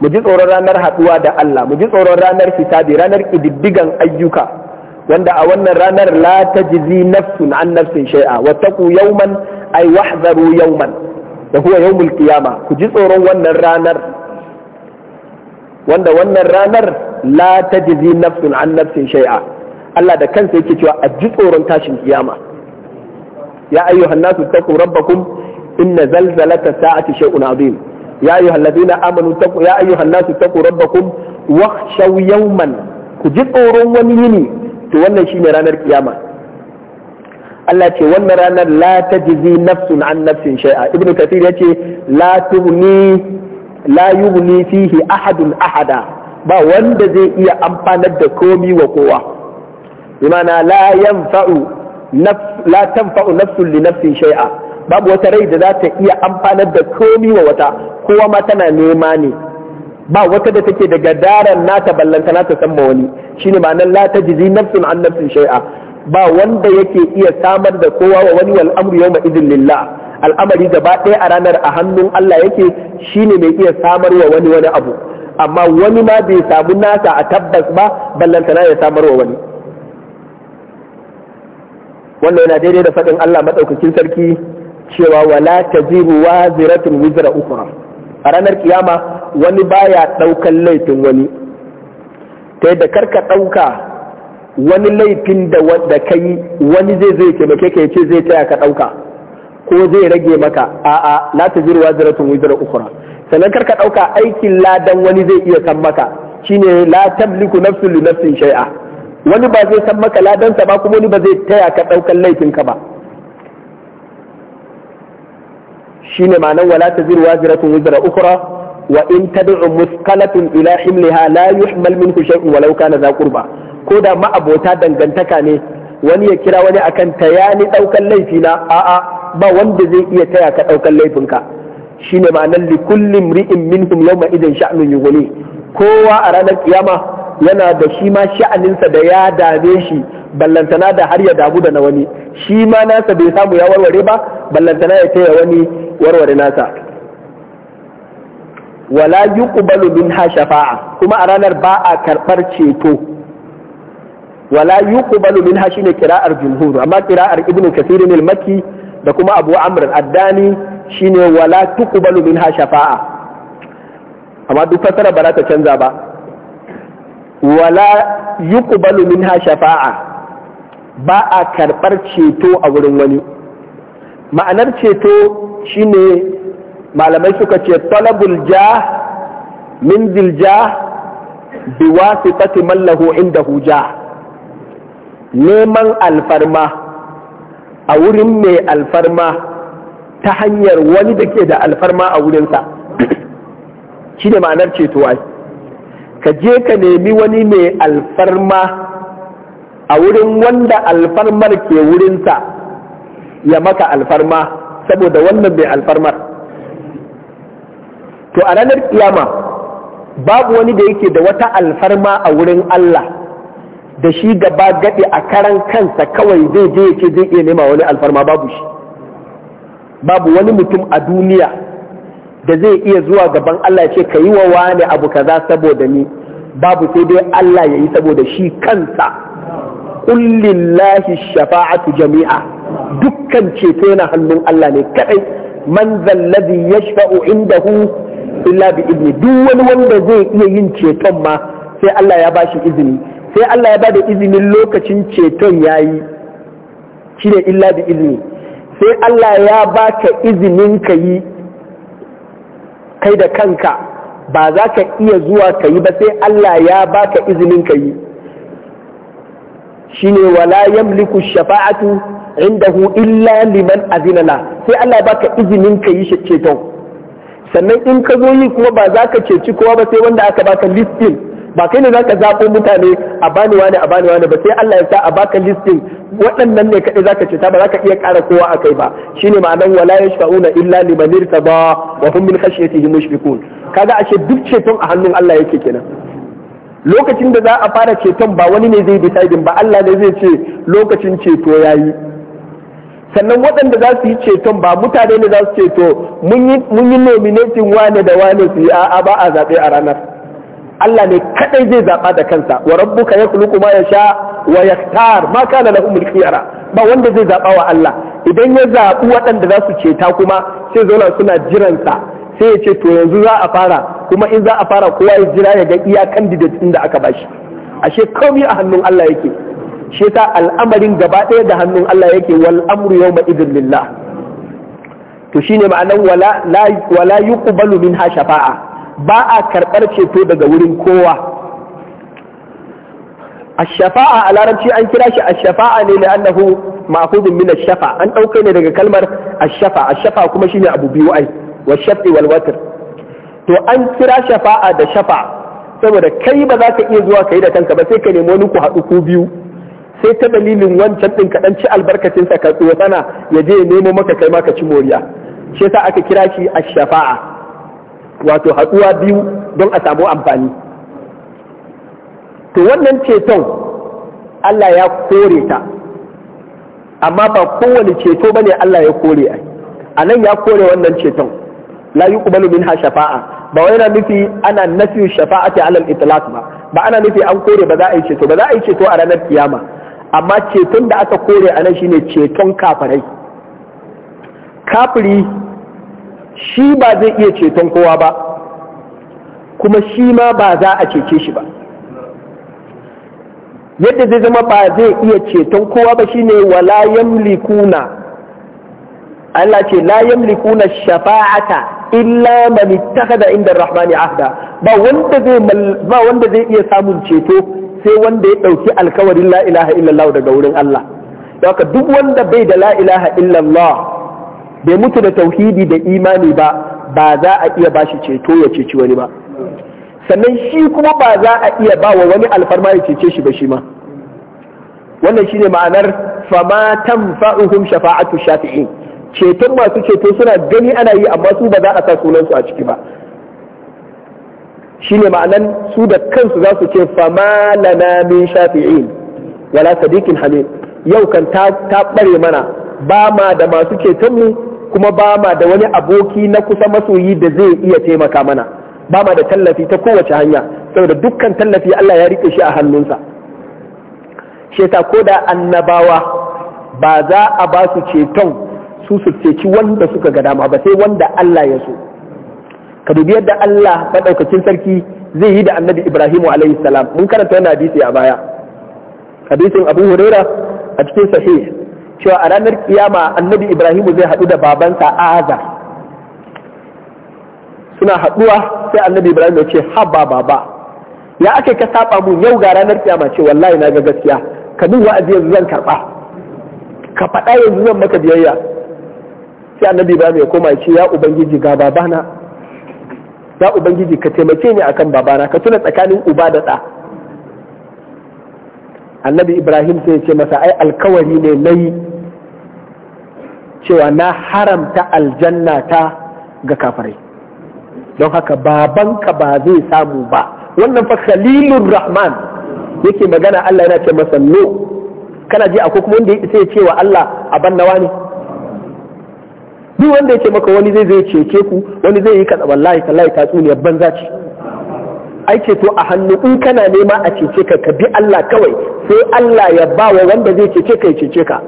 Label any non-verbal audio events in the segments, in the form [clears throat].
mu ji tsoron ranar haɗuwa da Allah mu ji tsoron ranar hisabi ranar ƙididdigan ayyuka wanda a wannan ranar la tajzi nafsun an nafsin shay'a wattaqu yawman ay wahdharu yawman da huwa yawmul qiyama ku ji tsoron wannan ranar wanda wannan ranar la tajzi nafsun an nafsin shay'a Allah da kansa yake cewa a ji tsoron tashin kiyama ya ayyuhan nasu taqu rabbakum inna zalzalata sa'ati shay'un azim ya ayyuha alladhina amanu taqu ya ku ji tsoron wani yini to wannan shine ranar kiyama Allah ce wannan ranar la tajzi nafsun an nafsin shay'a ibnu kathir yace la tughni la yughni fihi ahadun hada ba wanda zai iya amfanar da komi wa kowa bimana la yanfa'u nafs la tanfa'u nafsun li nafsin shay'a babu wata rai da za ta iya amfanar da komi wa wata kowa ma tana nema ne ba wata da take daga daren nata ballanta nata san ma wani shine ma'anar la tajzi nafsun an nafsin shay'a ba wanda yake iya samar da kowa wa wani wal amru yawma idin lillah al'amari gaba ɗaya a ranar a hannun Allah yake shine mai iya samar wa wani wani abu amma wani ma bai samu nasa a tabbas ba ballantana ya samar wa wani wannan yana daidai da faɗin Allah maɗaukakin sarki cewa wala taziru waziratun wizra ukhra a ranar kiyama wani baya daukan laifin wani ta yadda karka dauka wani laifin da wanda kai wani zai zai ke taimake ka ce zai taya ka dauka ko zai rage maka a'a la taziru waziratun wizra ukhra sannan karka dauka aikin ladan wani zai iya san maka shine la tamliku nafsun li nafsin shay'a wani ba zai san maka ladansa ba kuma wani ba zai taya ka daukan laifinka ba shine ma'anan wala taziru waziratun wizra ukhra wa in tad'u muskalatun ila himliha la yuhmal minhu shay'un walau kana za qurba ko da ma'abota dangantaka ne wani ya kira wani akan yani daukan laifi na a'a ba wanda zai iya taya ka daukan laifinka shine ma'anan li kulli mri'in minhum yawma idan sha'nun yughni kowa a ranar kiyama yana da shi ma sha'aninsa da ya dame shi ballantana da har ya damu da na wani shi ma nasa bai samu ya warware ba ballantana ya taya wani warware nasa wala yuqbalu minha shafa'a kuma a ranar ba a karbar ceto wala yuqbalu minha shine kira'ar jumhur amma kira'ar ibnu kasir al-makki da kuma abu amr al-addani shine wala tuqbalu minha shafa'a amma duk fasara ba za ta canza ba wala yuqbalu minha shafa'a ba a karɓar ceto a wurin wani ma'anar ceto shine malamai suka ce talabul ja min zilja bi wasitati mallahu lahu indahu ja neman alfarma a wurin mai alfarma ta hanyar wani da ke da alfarma a wurinsa [clears throat] shi ne ma'anar ceto ai ka je ka nemi wani mai alfarma a wurin wanda alfarmar ke wurinta ya maka alfarma saboda wannan bai alfarmar to a ranar kiyama babu wani da yake da wata alfarma a wurin Allah da shi gaba gaɗe a karan kansa kawai zai je ya zai iya nema wani alfarma babu shi babu wani mutum a duniya da zai iya zuwa gaban Allah ya ce ka yi wa wani abu kaza saboda ni babu sai dai Allah ya yi saboda shi kansa kullillahi shafa'atu jami'a dukkan ceto yana hannun Allah ne kadai man ya yashfa'u indahu illa bi idni duk wani wanda zai iya yin ceton ma sai Allah ya bashi izini sai Allah ya bada da izinin lokacin ceton yayi shine illa bi idni sai Allah ya baka izinin ka yi kai da kanka ba za ka iya zuwa ka yi ba sai Allah ya baka izinin ka yi shine wala yamliku shafa'atu indahu illa liman azina la sai Allah baka izinin ka yi ceton sannan in ka zo yi kuma ba za ka ceci kowa ba sai wanda aka baka listin ba kai ne za ka zaɓo mutane a bani wani a bani wani ba sai Allah ya sa a baka listin waɗannan ne kaɗai za ka ceta ba za ka iya ƙara kowa a kai ba shine ma'anan wala na illa liman irtaba wa hum min khashyatihi mushfiqun kaga ashe duk ceton a hannun Allah yake kenan lokacin da za a fara ceton ba wani ne zai deciding ba Allah ne zai ce lokacin ceto ya yi. sannan waɗanda za su yi ceton ba mutane ne za su ceto mun yi nominating wane da wane su yi a'a ba a zaɓe a ranar Allah ne kaɗai zai zaɓa da kansa wa rabbuka kuma ya sha wa tar ma kana lahum mulki ba wanda zai zaɓa wa Allah idan ya zaɓi waɗanda za su ceta kuma sai zauna suna jiransa sai ya ce to yanzu za a fara kuma in za a fara kowa ya jira ya ga iya candidate din da aka bashi ashe komi a hannun Allah yake shi ta al'amarin gaba ɗaya da hannun Allah yake wal amru yawma idin lillah to shine ma'anar wala la wala ha shafa'a ba a karbar ceto daga wurin kowa ash-shafa'a a larabci an kira shi ash-shafa'a ne annahu ma'khudun min ash-shafa an dauke ne daga kalmar ash-shafa ash-shafa kuma shine abu biyu ai wa shafi wal watr to an kira shafa'a da shafa saboda kai ba za ka iya zuwa ka yi da kanka ba sai ka nemi wani ku haɗu ku biyu sai ta dalilin wancan ɗin kaɗan ci sa, ka tsotsana ya je nemo maka kai maka ci moriya shi yasa aka kira shi a shafa'a wato haɗuwa biyu don a samu amfani to wannan ceton Allah ya kore ta amma ba kowane ceto ba ne Allah ya kore a nan ya kore wannan ceton la yuqbalu minha shafa'a ba wai yana nufi ana nafi shafa'ati alal itlaq ba ba ana nufi an kore ba za a yi ceto ba za a yi ceto a ranar kiyama amma ceton da aka kore a nan shine ceton kafirai kafiri shi ba zai iya ceton kowa ba kuma shi ma ba za a cece shi ba yadda zai zama ba zai iya ceton kowa ba shine wala yamlikuna Allah ce la yamlikuna shafa'ata illa man ittakhadha inda rahmani ahda ba wanda zai ba wanda zai iya samun ceto sai wanda ya dauki alkawarin la ilaha illallah daga wurin Allah haka duk wanda bai da la ilaha illallah bai mutu da tauhidi da imani ba ba za a iya bashi ceto ya ceci wani ba sannan shi kuma ba za a iya ba wa wani alfarma ya cece shi ba shi ma wannan shine ma'anar fama tanfa'uhum shafa'atu shafi'in ceton masu ceto suna gani ana yi amma su ba za a sa sunansu a ciki ba Shi ne ma'anan su da kansu za su ce fama lana min shafi'in wala sadiqin hamid yau kan ta bare mana ba ma da masu ceton mu kuma ba ma da wani aboki na kusa masoyi da zai iya taimaka mana ba ma da tallafi ta kowace hanya saboda dukkan tallafi Allah ya rike shi a hannunsa Sheta ko da annabawa ba za a ba su ceton su su ceci wanda suka ga dama ba sai wanda Allah ya so ka dubi yadda Allah madaukakin sarki zai yi da annabi Ibrahim alayhi salam mun karanta wannan hadisi a baya hadisin Abu Huraira a cikin sahih cewa a ranar kiyama annabi Ibrahim zai haɗu da babansa aza. suna haɗuwa sai annabi Ibrahim ya ce ba baba ya ake ka saba mu yau ga ranar kiyama ce wallahi na ga gaskiya ka duk wa'azi yanzu zan karɓa ka faɗa yanzu zan maka biyayya sai annabi ba ya koma ya ce ya ubangiji ga babana ya ubangiji ka taimake ni akan babana ka tuna tsakanin uba da ɗa annabi ibrahim sai ce masa ai alkawari ne na yi cewa na haramta aljanna ta ga kafirai don haka babanka ba zai samu ba wannan fa khalilur rahman yake magana allah yana ce masa no kana ji akwai kuma wanda ya isa ya cewa allah a bannawa ne duk wanda yake maka wani zai zai cece ku wani zai yi kaza wallahi tallahi tatsuniyar banza ce ai ceto a hannu in kana nema a cece ka ka bi Allah kawai sai Allah ya ba wa wanda zai cece ka ya cece ka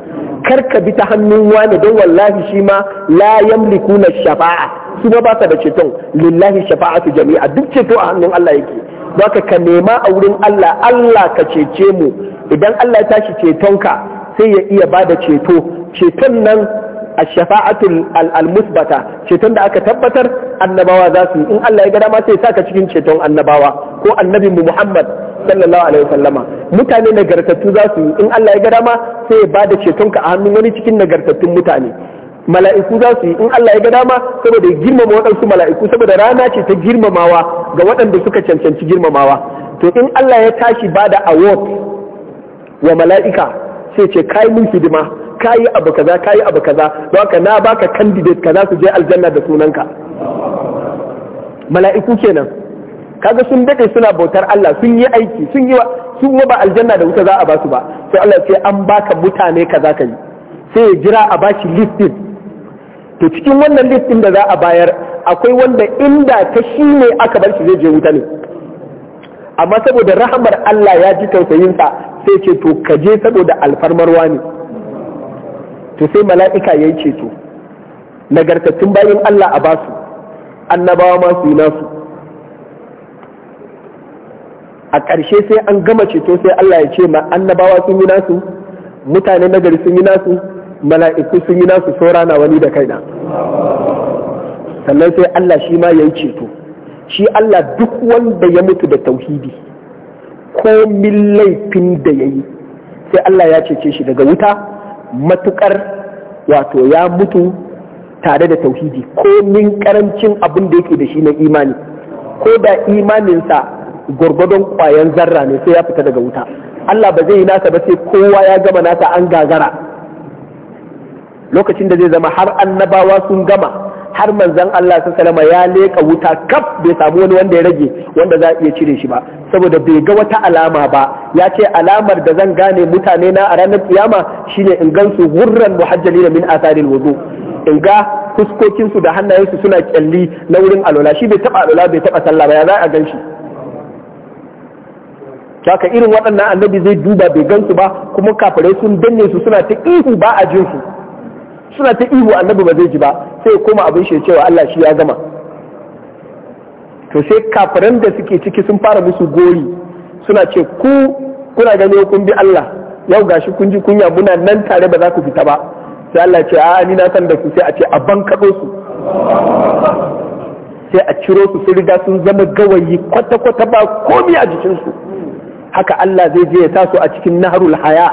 kar ka bi ta hannun wani don wallahi shi ma la yamlikuna shafa'a su ba sa da ceton lillahi shafa'atu jami'a duk ceto a hannun Allah yake baka ka nema a wurin Allah Allah ka cece mu idan Allah ya tashi cetonka sai ya iya ba da ceto ceton nan ash-shafa'atul al-musbata ceton da aka tabbatar annabawa za su in Allah ya ga dama sai saka cikin ceton annabawa ko annabi mu Muhammad sallallahu alaihi wasallama mutane nagartattu za su in Allah ya ga dama sai ya bada ceton ka a hannun wani cikin nagartattun mutane mala'iku za su yi in Allah ya ga dama saboda girmama waɗansu mala'iku saboda rana ce ta girmamawa ga waɗanda suka cancanci girmamawa to in Allah ya tashi bada award wa mala'ika sai ce kai mun hidima kayi abu kaza kayi abu kaza don haka na baka candidate kaza su je aljanna da sunanka mala'iku kenan kaga sun dade suna bautar Allah sun yi aiki sun yi sun ba aljanna da wuta za a ba su ba sai Allah sai an baka mutane kaza ka yi sai ya jira a bashi listin to cikin wannan listin da za a bayar akwai wanda inda ta shi ne aka bar shi zai je wuta ne amma saboda rahamar Allah ya ji tausayinsa sai ce to ka je saboda alfarmarwa ne to sai mala'ika ya yi ceto nagartattun bayan Allah a basu annabawa ma yi nasu a ƙarshe sai an gama ceto sai Allah ya ce ma annabawa sun yi nasu mutane nagari sun yi nasu mala'iku sun yi nasu saura na wani da kaina sannan sai Allah shi ma ya yi ceto shi Allah duk wanda ya mutu da tauhidi ko min laifin da ya yi sai Allah ya cece shi daga wuta matukar wato ya mutu tare da tauhidi ko min karancin abin da yake da shi na imani ko da imaninsa gwargwadon kwayan zarra ne sai ya fita daga wuta Allah ba zai yi nasa ba sai kowa ya gama nasa an gagara lokacin da zai zama har annabawa sun gama har manzon Allah salama ya leƙa wuta kaf bai samu wani wanda ya rage wanda za a iya cire shi ba saboda bai ga wata alama ba ya ce alamar da zan gane mutane na a ranar kiyama shine in gansu gurran da min asarin wudu in ga fuskokinsu da hannayensu suna kyalli na wurin alola shi bai taba alola bai taba sallah ba ya za a gan shi haka irin waɗannan annabi zai duba bai gansu ba kuma kafirai sun danne su suna ta ihu ba a jinsu suna ta ihu annabi ba zai ji ba sai koma abin shi cewa Allah shi ya gama to sai kafiran da suke ciki sun fara musu gori suna ce ku kuna gani kun bi Allah yau gashi kun ji kunya muna nan tare ba za ku fita ba sai Allah ce a ni na san da ku sai a ce a bankaɗo su sai a ciro su sun riga sun zama gawayi kwata-kwata ba komi a jikinsu haka Allah zai je ya sa su a cikin naharul haya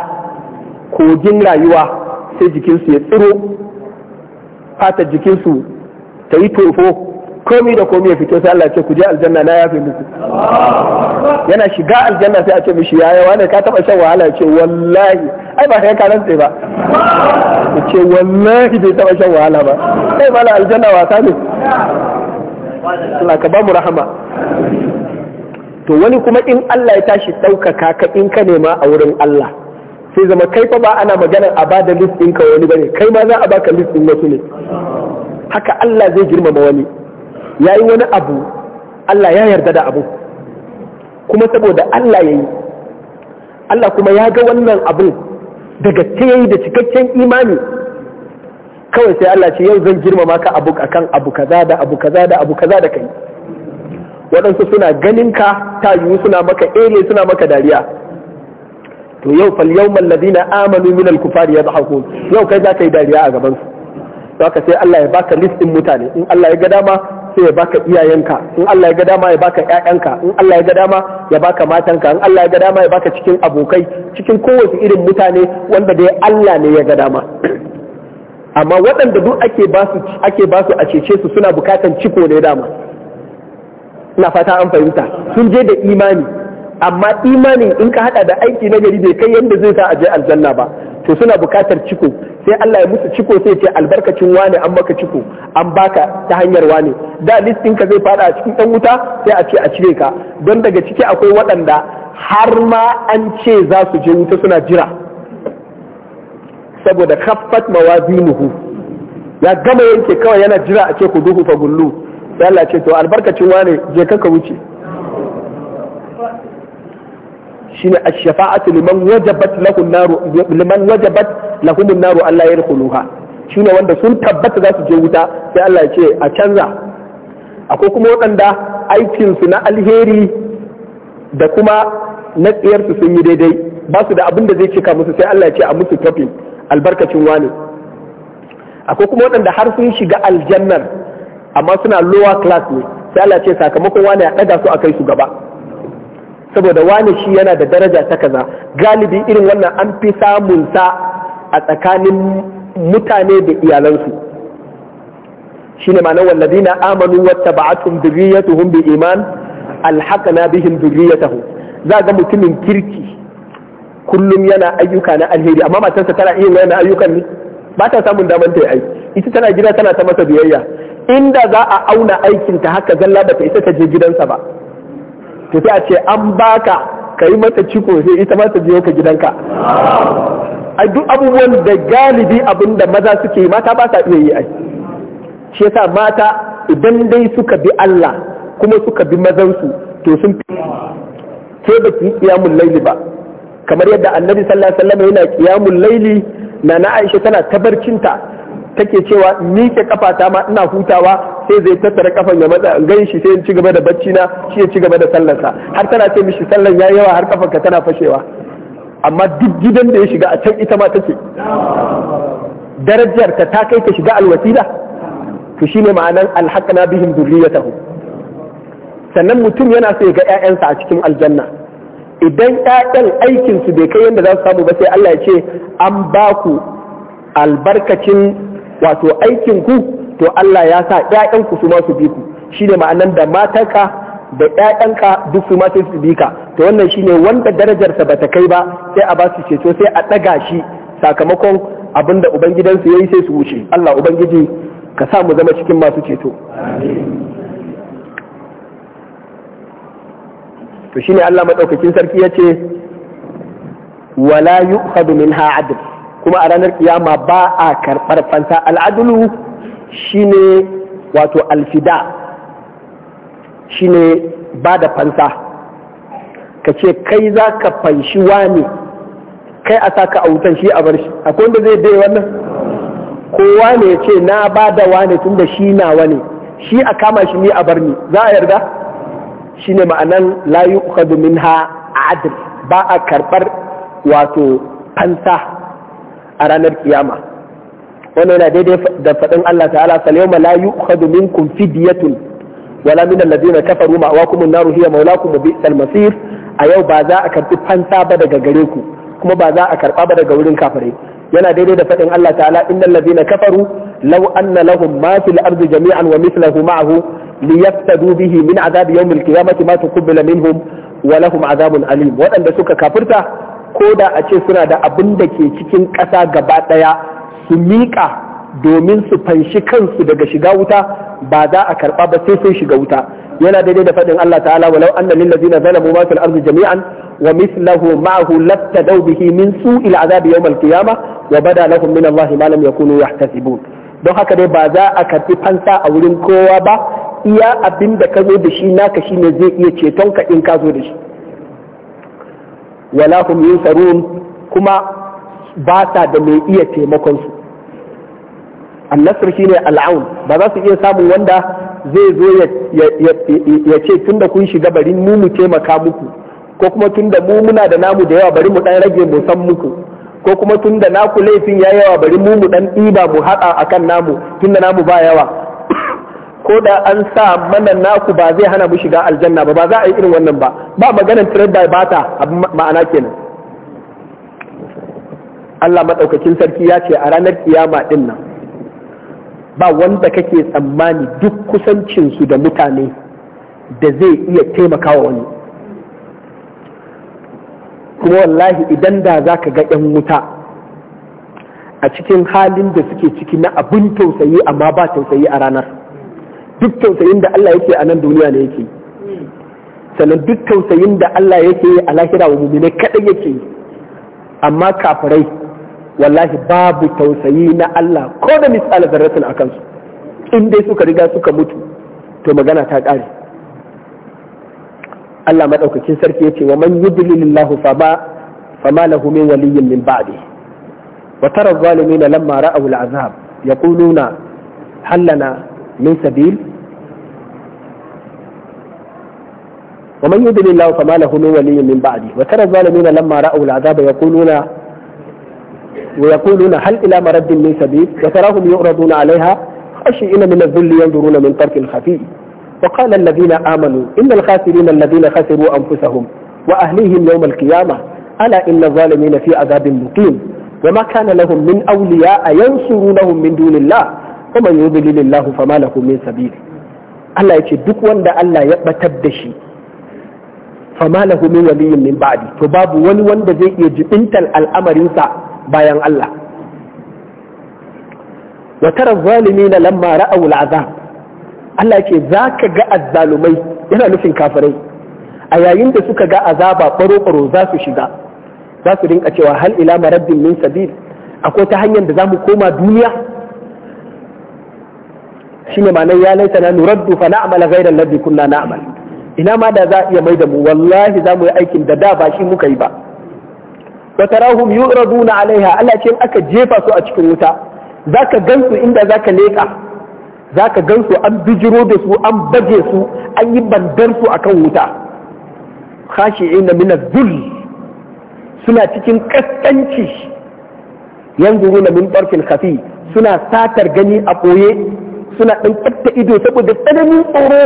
kogin rayuwa sai jikinsu ya tsiro fatar jikinsu ta yi tofo komi da komi ya fito sai Allah ce ku je aljanna na yafe muku yana shiga aljanna sai a ce mishi yaya wane ka taba shan wahala ya ce wallahi ai ba kai ka tsaye ba ya ce wallahi bai taba shan wahala ba sai mala aljanna wasa ne Allah ka ba mu rahama to wani kuma in Allah ya tashi ɗaukaka ka in ka nema a wurin Allah sai zama kai fa ba ana magana a ba da list ɗinka wani bane kai ma za a baka list ɗin wasu ne haka Allah zai girmama wani yayi wani abu Allah ya yarda da abu kuma saboda Allah yayi Allah kuma ya ga wannan abun daga ta yayi da cikakken imani kawai sai Allah ce yau zan girmama ka abu akan abu kaza da abu kaza da abu kaza da kai waɗansu suna ganin ka ta yiwu suna maka ere suna maka dariya to yau fal yawmal na amanu min al-kufari yadhakun yau kai za ka yi dariya a gabansu su haka sai Allah ya baka listin mutane in Allah ya ga dama sai ya baka iyayenka in Allah ya ga dama ya baka ƴaƴanka in Allah ya ga dama ya baka matanka in Allah ya ga dama ya baka cikin abokai cikin kowace irin mutane wanda dai Allah ne ya ga dama [clears throat] amma waɗanda duk ake ba su ake ba su a cece su suna bukatan ciko ne dama ina fata an fahimta sun je da imani amma imani in ka hada da aiki na gari bai kai yadda zai sa a je aljanna ba to suna bukatar ciko sai Allah ya musu ciko sai ce albarkacin wane an maka ciko an baka ta hanyar wane da listin ka zai fada a cikin dan wuta sai a ce a cire ka don daga ciki akwai waɗanda har ma an ce za su je wuta suna jira saboda khaffat mawazinuhu ya gama yanke kawai yana jira a ce ku duhu fa gullu sai Allah ce to albarkacin wane je ka ka wuce shine ash-shafa'atu liman wajabat lahu an-naru liman wajabat lahu an-naru Allah yadkhuluha shine wanda sun tabbata za su je wuta sai Allah ya ce a canza akwai kuma waɗanda aikinsu na alheri da kuma na tsiyarsu sun yi daidai ba su da abin da zai cika musu sai Allah ya ce a musu tafi albarkacin wani akwai kuma waɗanda har sun shiga aljannar amma suna lower class ne sai Allah ya ce sakamakon wani ya ɗaga su a kai su gaba saboda wani shi yana da daraja ta kaza galibi irin wannan an fi samun sa a tsakanin mutane da iyalansu shine ma'anar na amanu wata ba'atun durriyatuhum bi iman alhaqna bihim durriyatahum za ga mutumin kirki kullum yana ayyuka na alheri amma matarsa tana iya yana ayyukan ne ba ta samun damar ta aiki ita tana gida tana ta masa biyayya inda za a auna aikinta haka zalla ba ta isa ta je gidansa ba to sai a ce an baka ka yi mata ciko sai ita ma ta biyo ka gidanka A duk abubuwan da galibi abin da maza suke mata ba sa iya yi ai shi yasa mata idan dai suka bi Allah kuma suka bi mazansu to sun fi ke ba ki kiyamul laili ba kamar yadda annabi sallallahu alaihi wasallam yana kiyamul laili na na Aisha tana tabarcinta take cewa ni ke kafata ma ina hutawa sai zai tattara kafan ya matsa in gan shi sai in ci gaba da bacci na shi ya ci gaba da sallar sa har tana ce mishi sallan yayi yawa har ka tana fashewa amma duk gidan da ya shiga a can ita ma take darajar ta ta kai ka shiga alwasila to shine ma'anan alhaqna bihim dhurriyatahu sannan mutum yana so ya ga ƴaƴansa a cikin aljanna idan 'ya'yan su bai kai yanda za su samu ba sai Allah ya ce an ba ku albarkacin wato aikin ku to Allah ya sa 'ya'yanku su ma su bi ku shine ma'anan da matanka da 'ya'yanka duk su ma sai su bi ka to wannan shine wanda darajarsa ba ta kai ba sai a ba su ceto sai a ɗaga shi sakamakon abin da ubangidansu yi sai su wuce Allah ubangiji ka sa mu zama cikin masu ceto to shine Allah madaukakin sarki ce, wala yu'khadhu minha adl kuma a ranar kiyama ba a karɓar fansa al'adulu shine wato alfida shine ba da fansa ka ce kai za ka fanshi wani kai a sa ka a wutan shi a barshi akwai wanda zai dai wannan kowa ne ya ce na ba da wane tun da shi nawa ne shi a kama shi ne a bar ni za a yarda shi ne ma'anan layu ha a adl ba a karbar wato fansa a ranar kiyama wannan yana daidai da faɗin Allah ta'ala fal yawma la yu'khadhu minkum fidyatun wala min alladhina kafaru ma'awakum an-naru hiya mawlakum wa bi'sal masir a yau ba za a karbi fansa ba daga gare ku kuma ba za a karba ba daga wurin kafare yana daidai da faɗin Allah ta'ala innal ladina kafaru law anna lahum ma fil ardi jami'an wa mithluhu ma'ahu liyaftadu bihi min azabi yawmil qiyamati ma tuqbila minhum wa lahum azabun alim waɗanda suka kafirta ko da a ce suna da abin da ke cikin ƙasa gaba ɗaya su miƙa domin su fanshi kansu daga shiga wuta ba za a karɓa ba sai sun shiga wuta yana daidai da faɗin Allah ta'ala walau anna lil ladina zalamu ma fil ardi jami'an wa mithluhu ma'ahu laftadaw bihi min su'il azabi yawm al-qiyamah wa bada lahum min Allah ma lam yakunu yahtasibun don haka dai ba za a karɓi fansa a wurin kowa ba iya abin da ka zo da shi naka shine zai iya ceton ka in ka zo da shi wala hum yunsarun kuma ba sa da mai iya taimakon su shi ne al'aun ba za su iya samun wanda zai zo ya ce tun da kun shiga bari mu mu taimaka muku ko kuma tun da mu muna da namu da yawa bari mu dan rage mu san muku ko kuma tun da naku laifin ya yawa bari mu mu dan ɗiba mu haɗa akan namu tun da namu ba yawa [coughs] ko da an sa mana naku ba zai hana mu shiga aljanna ba ba za a yi irin wannan ba ba maganar trade by bata ma'ana kenan Allah madaukakin sarki ya ce a ranar kiyama din nan ba wanda kake tsammani duk kusancinsu da mutane da zai iya taimakawa wani kuma wallahi idan da za ka ga 'yan wuta a cikin halin da suke ciki na abin tausayi amma ba tausayi a ranar duk tausayin da Allah yake a nan duniya ne yake sannan duk tausayin da Allah yake a lahira wa mumine kaɗai yake amma kafirai wallahi babu tausayi na Allah ko da misali zarratin a kansu in dai suka riga suka mutu to magana ta ƙare Allah maɗaukakin sarki ya ce wa man yudlilillahu fama lahu min waliyyin min ba'di wa tara zalimina lamma ra'aw al'azab yaquluna hal lana min sabil ومن يضلل الله فما له من ولي من بعده وترى الظالمين لما رأوا العذاب يقولون ويقولون هل إلى مرد من سبيل وتراهم يعرضون عليها خاشئين من الذل ينظرون من ترك الخفي وقال الذين آمنوا إن الخاسرين الذين خسروا أنفسهم وأهليهم يوم القيامة ألا إن الظالمين في عذاب مقيم وما كان لهم من أولياء ينصرونهم من دون الله ومن يضلل الله فما له من سبيل الله يشدك ce duk wanda Allah فما له من ولي من lahu min ون min ba'di انت الامر wani bayan Allah wa tara na lamma a al'azab Allah yake zaka ga azzalumai yana nufin kafirai a yayin da suka ga azaba baro-baro za su shiga za su rinka cewa hal ila marabbin min sabil akwai ta hanyar da za mu koma duniya ne ma ya laita na nuraddu fa na'mala ghayra alladhi kunna na'mal ina ma da za a iya mai da mu wallahi za mu yi aikin da da ba shi muka yi ba wa tarahum yu'raduna alaiha Allah aka jefa su a cikin wuta ka gansu inda zaka leka zaka gansu an bijiro da su an baje su an yi bandar su akan wuta khashi'ina min adh suna cikin kaskanci yanzu min barkin khafi suna satar gani a ɓoye suna ɗan ƙatta ido saboda tsananin tsoro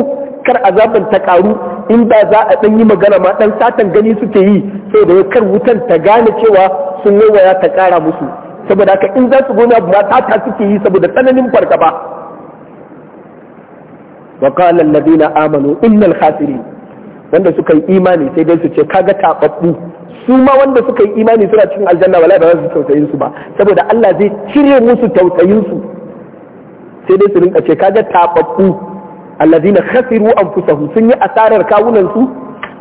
kar azaban ta ƙaru inda za a ɗan yi magana ma ɗan satan gani suke yi sai da kar wutan ta gane cewa sun waya ta ƙara musu saboda haka in za su gona ma sata suke yi saboda tsananin fargaba wa qala alladhina amanu innal khasirin wanda suka yi imani sai dai su ce kaga tababbu su ma wanda suka yi imani suna cikin aljanna wala ba za su tausayin su ba saboda Allah zai cire musu tausayin su sai dai su rinka ce kaga tababbu alladina khasiru anfusahum sun yi asarar kawunan su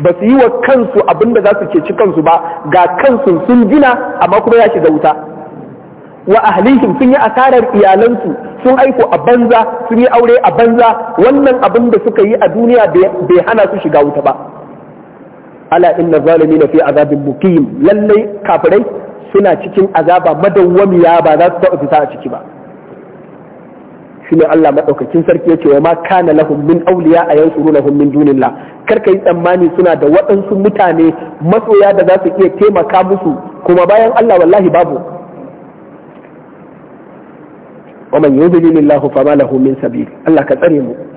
ba su yi wa kansu abinda za su ci kansu ba ga kansu sun gina amma kuma ya shiga wuta wa ahlihim sun yi asarar iyalansu sun aiko a banza sun yi aure a banza wannan abin da suka yi a duniya bai hana su shiga wuta ba ala inna zalimina fi azabin muqim lallai kafirai suna cikin azaba madawwamiya ba za su taɓa fita a ciki ba shine Allah madaukakin sarki yace wa ma kana lahum min awliya a yansurunahum min dunillah kar yi tsammani suna da waɗansu mutane masoya da za su iya taimaka musu kuma bayan Allah wallahi babu wa man yudlilillahu fama lahu min sabil Allah ka tsare mu